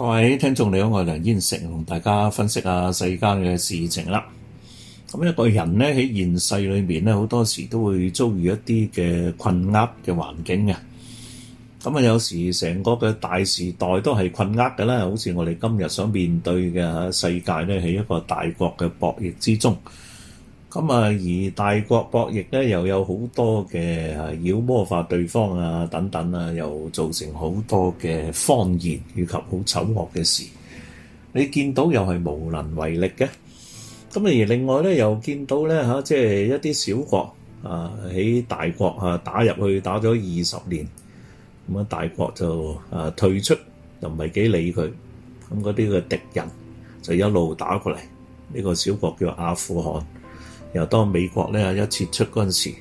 各位聽眾你好，我係梁燕成，同大家分析下世間嘅事情啦。咁一個人咧喺現世裏面咧，好多時都會遭遇一啲嘅困厄嘅環境嘅。咁啊，有時成個嘅大時代都係困厄嘅啦，好似我哋今日所面對嘅世界咧，喺一個大國嘅博弈之中。咁啊，而大國博弈咧，又有好多嘅啊，妖魔化對方啊，等等啊，又造成好多嘅謊言以及好醜惡嘅事。你見到又係無能為力嘅。咁啊，而另外咧，又見到咧嚇，即係一啲小國啊，喺大國啊打入去打咗二十年，咁啊，大國就啊退出，又唔係幾理佢。咁嗰啲嘅敵人就一路打過嚟。呢個小國叫阿富汗。又當美國咧一撤出嗰陣時，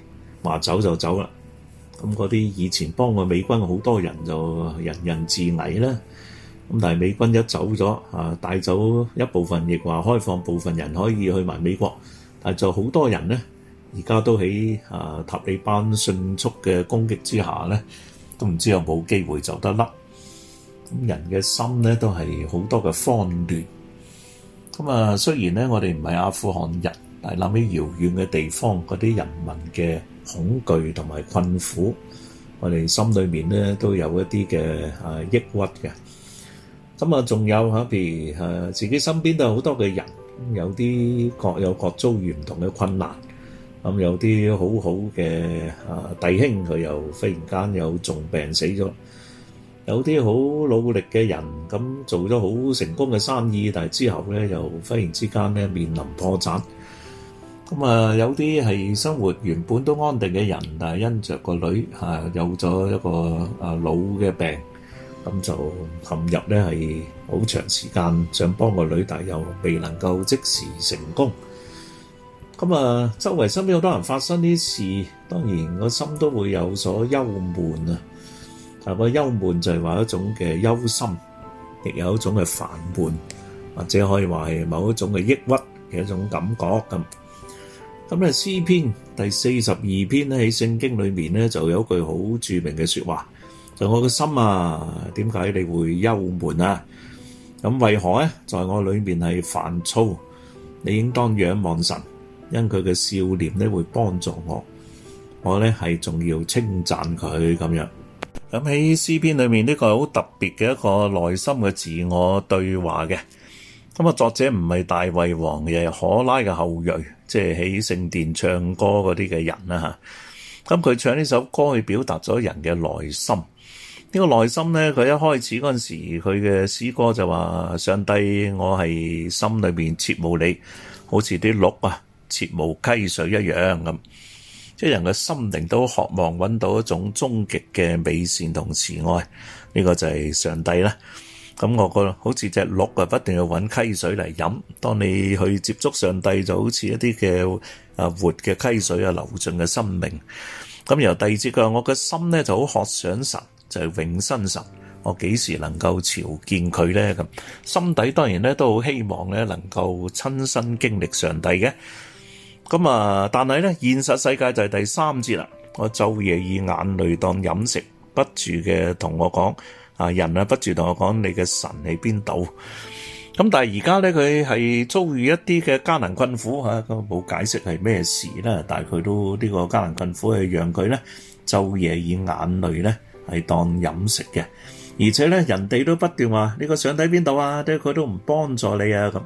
話走就走啦。咁嗰啲以前幫過美軍好多人就人人自危啦。咁但係美軍一走咗啊，帶走一部分，亦話開放部分人可以去埋美國，但就好多人咧，而家都喺啊塔利班迅速嘅攻擊之下咧，都唔知有冇機會走得甩。咁人嘅心咧都係好多嘅慌亂。咁啊，雖然咧我哋唔係阿富汗人。但諗起遙遠嘅地方，嗰啲人民嘅恐懼同埋困苦，我哋心裏面咧都有一啲嘅誒抑鬱嘅。咁啊，仲有嚇，譬如誒自己身邊都有好多嘅人，有啲各有各遭遇唔同嘅困難。咁有啲好好嘅誒弟兄，佢又忽然間又重病死咗；有啲好努力嘅人，咁做咗好成功嘅生意，但係之後咧又忽然之間咧面臨破產。咁啊，有啲係生活原本都安定嘅人，但係因着個女嚇、啊、有咗一個啊老嘅病，咁就陷入咧係好長時間想幫個女，但又未能夠即時成功。咁啊，周圍身邊好多人發生啲事，當然個心都會有所憂悶啊。但個憂悶就係話一種嘅憂心，亦有一種嘅煩悶，或者可以話係某一種嘅抑鬱嘅一種感覺咁。咁咧詩篇第四十二篇咧喺聖經裏面咧就有一句好著名嘅說話，就是、我嘅心啊，點解你會憂悶啊？咁為何咧在、就是、我裏面係煩躁？你應當仰望神，因佢嘅笑臉咧會幫助我。我咧係仲要稱讚佢咁樣。咁喺詩篇裏面呢、這個好特別嘅一個內心嘅自我對話嘅。咁啊，作者唔係大衛王嘅可拉嘅後裔，即係喺聖殿唱歌嗰啲嘅人啦吓。咁佢唱呢首歌去表達咗人嘅內心。這個、內心呢個內心咧，佢一開始嗰陣時，佢嘅詩歌就話：上帝，我係心裏邊切慕你，好似啲鹿啊，切慕溪水一樣咁。即係人嘅心靈都渴望搵到一種終極嘅美善同慈愛，呢、這個就係上帝啦。咁我覺得好似隻鹿啊，不斷要搵溪水嚟飲。當你去接觸上帝，就好似一啲嘅活嘅溪水啊流進嘅生命。咁由第二節嘅我嘅心咧就好渴想神，就係永生神。我幾時能夠朝見佢呢？咁心底當然咧都好希望咧能夠親身經歷上帝嘅。咁啊，但係呢現實世界就係第三節啦。我晝夜以眼淚當飲食，不住嘅同我講。啊人啊，不住同我講你嘅神喺邊度？咁但係而家咧，佢係遭遇一啲嘅艱難困苦嚇，佢冇解釋係咩事咧。但係佢都呢個艱難困苦係讓佢咧，晝夜以眼淚咧係當飲食嘅。而且咧，人哋都不斷話：呢個上帝邊度啊？即係佢都唔幫助你啊咁。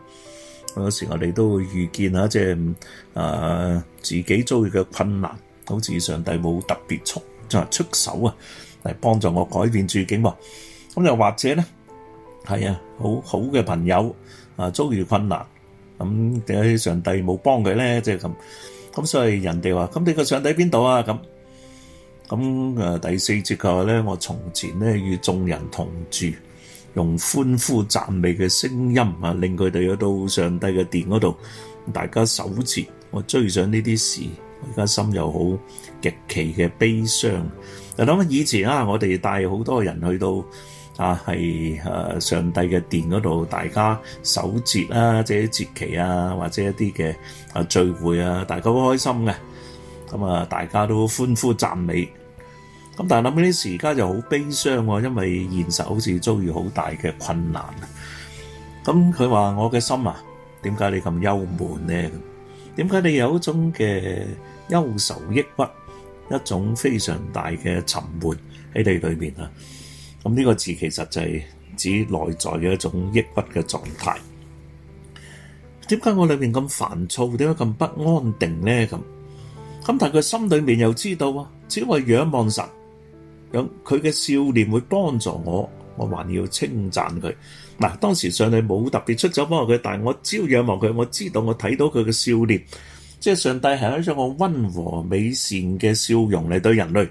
有時我哋都會預見啊，即係啊、呃、自己遭遇嘅困難，好似上帝冇特別出就出手啊。嚟幫助我改變處境喎，咁又或者咧，係啊，好好嘅朋友啊，遭遇困難，咁、啊、點解上帝冇幫佢咧？即係咁，咁、啊、所以人哋話：咁你個上帝喺邊度啊？咁、啊，咁、啊、第四節嘅話咧，我從前咧與眾人同住，用歡呼讚美嘅聲音啊，令佢哋去到上帝嘅殿嗰度，大家守節，我追上呢啲事，我而家心又好極其嘅悲傷。就諗以前啊，我哋帶好多人去到啊，係誒、啊、上帝嘅殿嗰度，大家守節啊，或者節期啊，或者一啲嘅啊聚會啊，大家都開心嘅。咁、嗯、啊，大家都歡呼讚美。咁但係諗起呢時間就好悲傷喎、啊，因為現實好似遭遇好大嘅困難。咁佢話：我嘅心啊，點解你咁憂悶咧？點解你有一種嘅憂愁抑鬱？一種非常大嘅沉悶喺地裏面。啊！咁呢個字其實就係指內在嘅一種抑鬱嘅狀態。點解我裏面咁煩躁？點解咁不安定咧？咁咁但係佢心裏面又知道啊，只要仰望神，有佢嘅笑臉，會幫助我，我還要稱讚佢。嗱，當時上帝冇特別出手幫助佢，但係我只要仰望佢，我知道我睇到佢嘅笑臉。即係上帝係一種個溫和美善嘅笑容嚟對人類，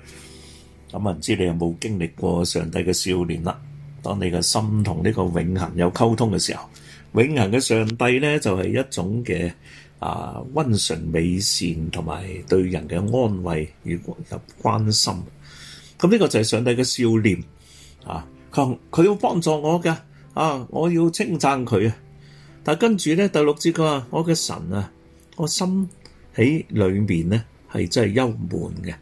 咁啊唔知你有冇經歷過上帝嘅笑臉啦？當你嘅心同呢個永恆有溝通嘅時候，永恆嘅上帝咧就係、是、一種嘅啊溫順美善，同埋對人嘅安慰與關心。咁呢個就係上帝嘅笑臉，啊！佢佢要幫助我嘅啊！我要稱讚佢啊！但跟住咧第六節佢話：我嘅神啊，我心。喺裏面咧，係真係幽悶嘅。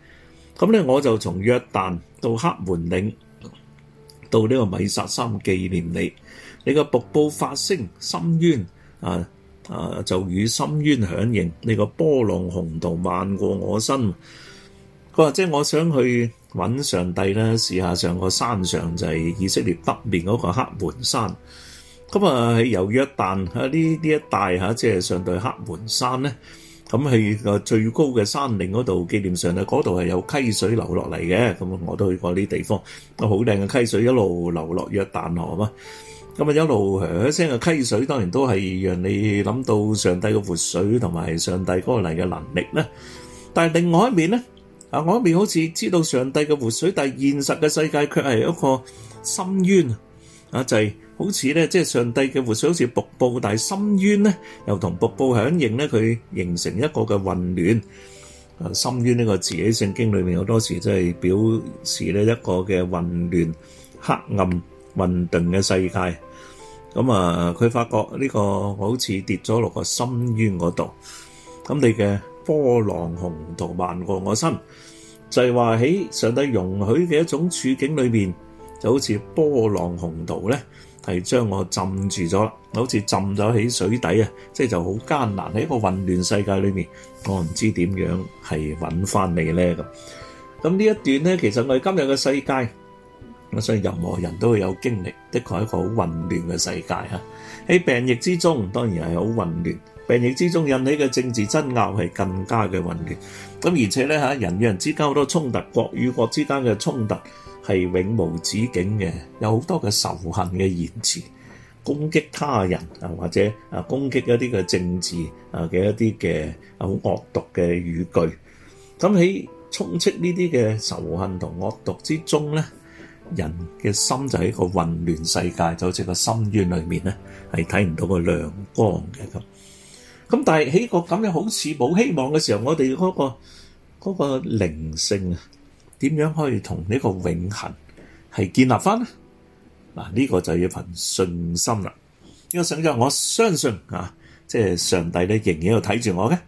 咁咧，我就從約旦到黑門嶺，到呢個米薩山紀念你。你個瀑布發聲，深淵啊啊，就與深淵響應。你個波浪洪濤漫過我身。佢話：即係我想去搵上帝呢。」試下上個山上就係、是、以色列北面嗰個黑門山。咁啊，由約旦喺呢呢一帶嚇、啊，即係上到黑門山咧。咁喺個最高嘅山嶺嗰度紀念上啦，嗰度係有溪水流落嚟嘅。咁我都去過啲地方，好靚嘅溪水一路流落約旦河嘛。咁啊，一路響聲嘅溪水，當然都係讓你諗到上帝嘅活水同埋上帝嗰嚟嘅能力啦。但係另外一面咧，啊，我一面好似知道上帝嘅活水，但係現實嘅世界卻係一個深淵啊，就係。好似咧，即係上帝嘅活水好似瀑布，但係深淵咧又同瀑布響應咧，佢形成一個嘅混亂。啊，深淵呢個字喺聖經裏面好多時即係表示咧一個嘅混亂、黑暗、混沌嘅世界。咁啊，佢發覺呢個我好似跌咗落個深淵嗰度。咁你嘅波浪洪濤漫過我身，就係話喺上帝容許嘅一種處境裏面，就好似波浪洪濤咧。係將我浸住咗，好似浸咗喺水底啊！即係就好、是、艱難喺一個混亂世界裏面，我唔知點樣係揾翻你咧咁。咁呢一段咧，其實我哋今日嘅世界，我想任何人都會有經歷，的確係一個好混亂嘅世界。喺病疫之中，當然係好混亂；病疫之中引起嘅政治爭拗係更加嘅混亂。咁而且咧，人與人之間好多衝突，國與國之間嘅衝突。係永無止境嘅，有好多嘅仇恨嘅言辭，攻擊他人啊，或者啊攻擊一啲嘅政治啊嘅一啲嘅好惡毒嘅語句。咁喺充斥呢啲嘅仇恨同惡毒之中咧，人嘅心就喺個混亂世界，就好似個深淵裏面咧，係睇唔到個亮光嘅咁。咁但係喺個咁樣好似冇希望嘅時候，我哋嗰個嗰個靈性啊～點樣可以同呢個永恆係建立翻咧？嗱，呢個就要憑信心啦。呢個信心我相信啊，即係上帝咧，仍然喺度睇住我嘅。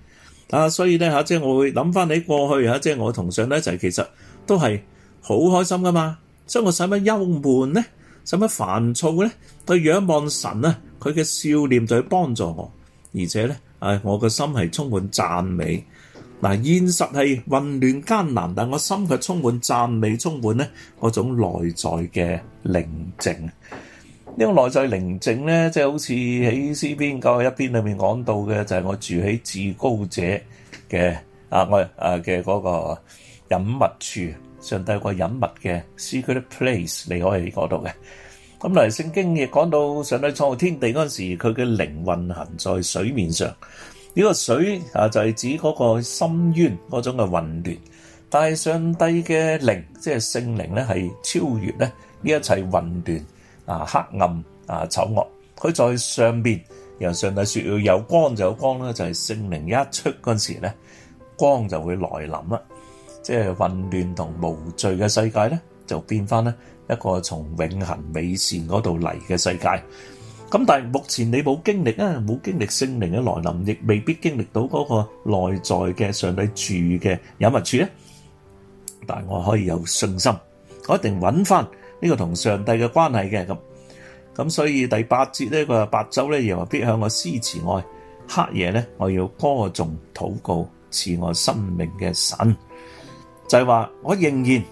啊，所以咧嚇，即係我會諗翻起過去嚇，即係我同上帝一齊，其實都係好開心噶嘛。所以我使乜憂悶咧？使乜煩躁咧？對仰望神啊，佢嘅笑臉就幫助我，而且咧、啊，我嘅心係充滿讚美。嗱，現實係混亂艱難，但係我心卻充滿讚美，充滿咧嗰種內在嘅寧靜。呢種內在寧靜咧，即係好似喺詩篇九一篇裏面講到嘅，就係我住喺至高者嘅啊，我啊嘅嗰個隱密處。上帝個隱密嘅 secret place，你可以喺嗰度嘅。咁嚟，聖經亦講到上帝創造天地嗰陣時，佢嘅靈運行在水面上。呢個水啊，就係指嗰個深淵嗰種嘅混亂，但係上帝嘅靈，即係聖靈咧，係超越咧呢一切混亂啊、黑暗啊、醜惡。佢在上邊，由上帝説要有光就有光咧，就係聖靈一出嗰時咧，光就會來臨啦。即係混亂同無序嘅世界咧，就變翻咧一個從永恆美善嗰度嚟嘅世界。咁但係目前你冇經歷啊，冇經歷聖靈嘅來臨，亦未必經歷到嗰個內在嘅上帝住嘅隱密處咧。但我可以有信心，我一定揾翻呢個同上帝嘅關係嘅咁。咁所以第八節咧，佢話白晝咧，又話必向我施慈愛，黑夜咧，我要歌頌禱告賜我生命嘅神，就係話我仍然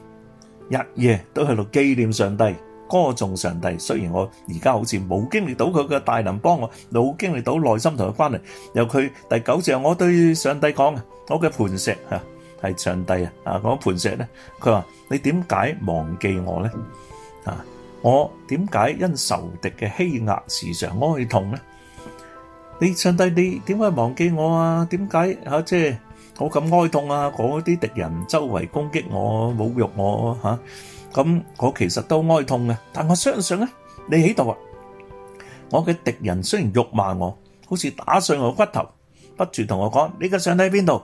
日夜都喺度紀念上帝。歌頌上帝，雖然我而家好似冇經歷到佢嘅大能幫我，冇經歷到內心同佢關係。由佢第九節，我對上帝講啊，我嘅磐石啊係上帝啊，啊嗰磐石咧，佢話你點解忘記我咧？啊，我點解因仇敵嘅欺壓時常哀痛咧？你上帝，你點解忘記我啊？點解啊即係我咁哀痛啊？嗰啲敵人周圍攻擊我、侮辱我吓。咁我其實都哀痛嘅，但我相信咧，你喺度啊！我嘅敵人雖然辱罵我，好似打碎我骨頭，不住同我講：你嘅上帝喺邊度？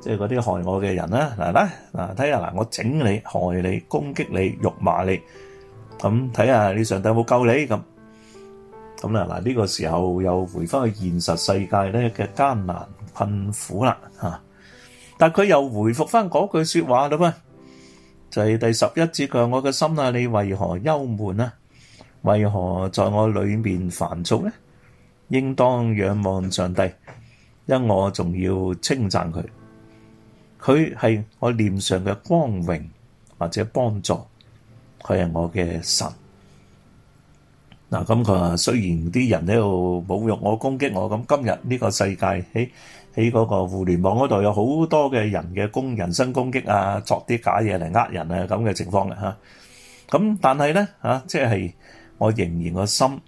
即係嗰啲害我嘅人啦！嗱啦，嗱睇下嗱，我整你，害你，攻擊你，辱罵你，咁睇下你上帝有冇救你？咁咁啦嗱，呢個時候又回翻去現實世界咧嘅艱難困苦啦吓，但係佢又回復翻嗰句說話啦噃。就係第十一節嘅，我嘅心啊，你為何憂悶啊？為何在我裏面煩躁呢？應當仰望上帝，因我仲要稱讚佢。佢係我臉上嘅光榮或者幫助，佢係我嘅神。嗱，咁佢話雖然啲人喺度侮辱我、攻擊我，咁今日呢個世界喺。喺嗰個互聯網嗰度有好多嘅人嘅攻人身攻擊啊，作啲假嘢嚟呃人啊，咁嘅情況嘅嚇。咁但係咧啊，即係我仍然個心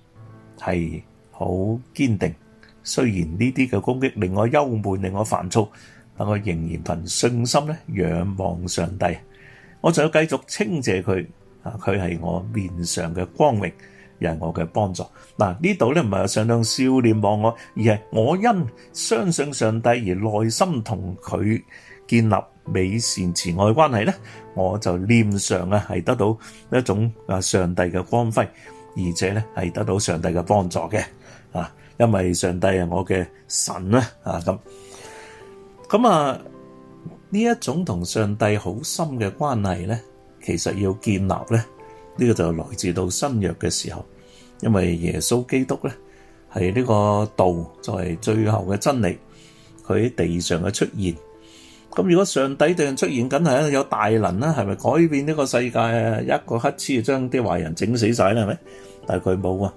係好堅定。雖然呢啲嘅攻擊令我憂悶，令我煩躁，但我仍然憑信心咧仰望上帝。我仲要繼續稱謝佢啊！佢係我面上嘅光榮。又係我嘅幫助嗱，呢度咧唔係上帝笑臉望我，而係我因相信上帝而耐心同佢建立美善慈愛嘅關係咧，我就臉上啊係得到一種啊上帝嘅光輝，而且咧係得到上帝嘅幫助嘅啊，因為上帝係我嘅神咧啊咁，咁啊呢一種同上帝好深嘅關係咧，其實要建立咧。呢個就來自到新約嘅時候，因為耶穌基督咧係呢個道，作為最後嘅真理，佢喺地上嘅出現。咁如果上帝地上出現，梗係啊有大能啦，係咪改變呢個世界啊？一個乞嗤就將啲壞人整死曬啦，係咪？但係佢冇啊，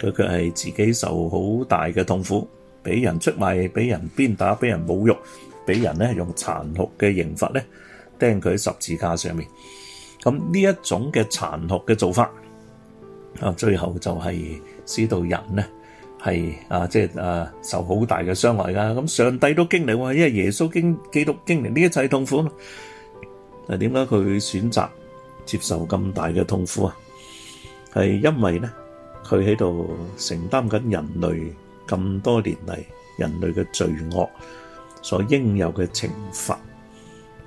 佢卻係自己受好大嘅痛苦，俾人出賣，俾人鞭打，俾人侮辱，俾人咧用殘酷嘅刑罰咧釘佢喺十字架上面。咁呢一種嘅殘酷嘅做法啊，最後就係使到人咧係啊，即係啊，受好大嘅傷害㗎。咁上帝都經歷，因為耶穌經基督經歷呢一切痛苦，啊點解佢選擇接受咁大嘅痛苦啊？係因為咧，佢喺度承擔緊人類咁多年嚟人類嘅罪惡所應有嘅懲罰，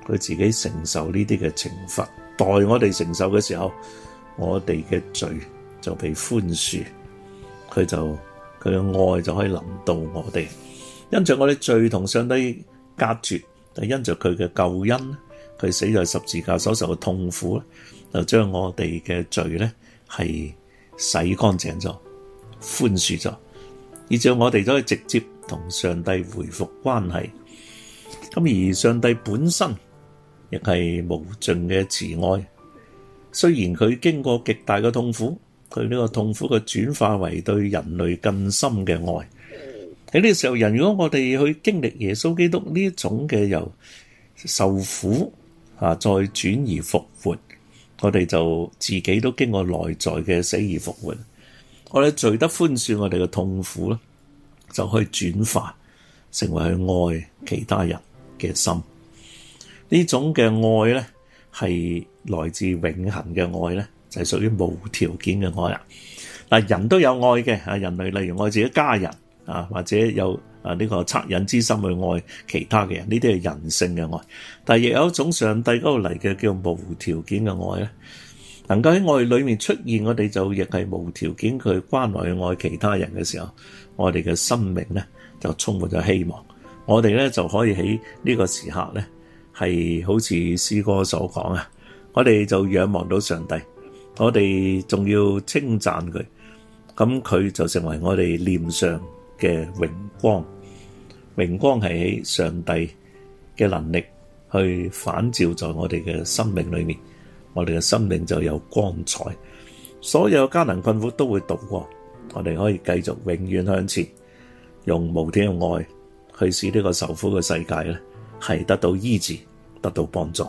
佢自己承受呢啲嘅懲罰。代我哋承受嘅時候，我哋嘅罪就被寬恕，佢就佢嘅愛就可以臨到我哋。因着我哋罪同上帝隔絕，但因着佢嘅救恩，佢死在十字架所受嘅痛苦咧，就將我哋嘅罪咧係洗乾淨咗，寬恕咗，以致我哋都可以直接同上帝回復關係。咁而上帝本身，亦係無盡嘅慈愛，雖然佢經過極大嘅痛苦，佢呢個痛苦嘅轉化為對人類更深嘅愛。喺呢個時候，人如果我哋去經歷耶穌基督呢一種嘅由受苦啊，再轉而復活，我哋就自己都經過內在嘅死而復活，我哋罪得寬恕，我哋嘅痛苦咧，就可以轉化成為去愛其他人嘅心。種呢種嘅愛咧，係來自永恆嘅愛咧，就係、是、屬於無條件嘅愛啦。嗱，人都有愛嘅啊，人類例如愛自己家人啊，或者有啊呢個惻隱之心去愛其他嘅人，呢啲係人性嘅愛。但係亦有一種上帝嗰度嚟嘅叫無條件嘅愛咧，能夠喺愛裏面出現，我哋就亦係無條件去關愛去愛其他人嘅時候，我哋嘅生命咧就充滿咗希望。我哋咧就可以喺呢個時刻咧。係好似師哥所講啊，我哋就仰望到上帝，我哋仲要稱讚佢，咁佢就成為我哋臉上嘅榮光。榮光係喺上帝嘅能力去反照在我哋嘅生命裏面，我哋嘅生命就有光彩。所有艱難困苦都會渡過，我哋可以繼續永遠向前，用無天嘅愛去使呢個受苦嘅世界咧。係得到醫治，得到幫助。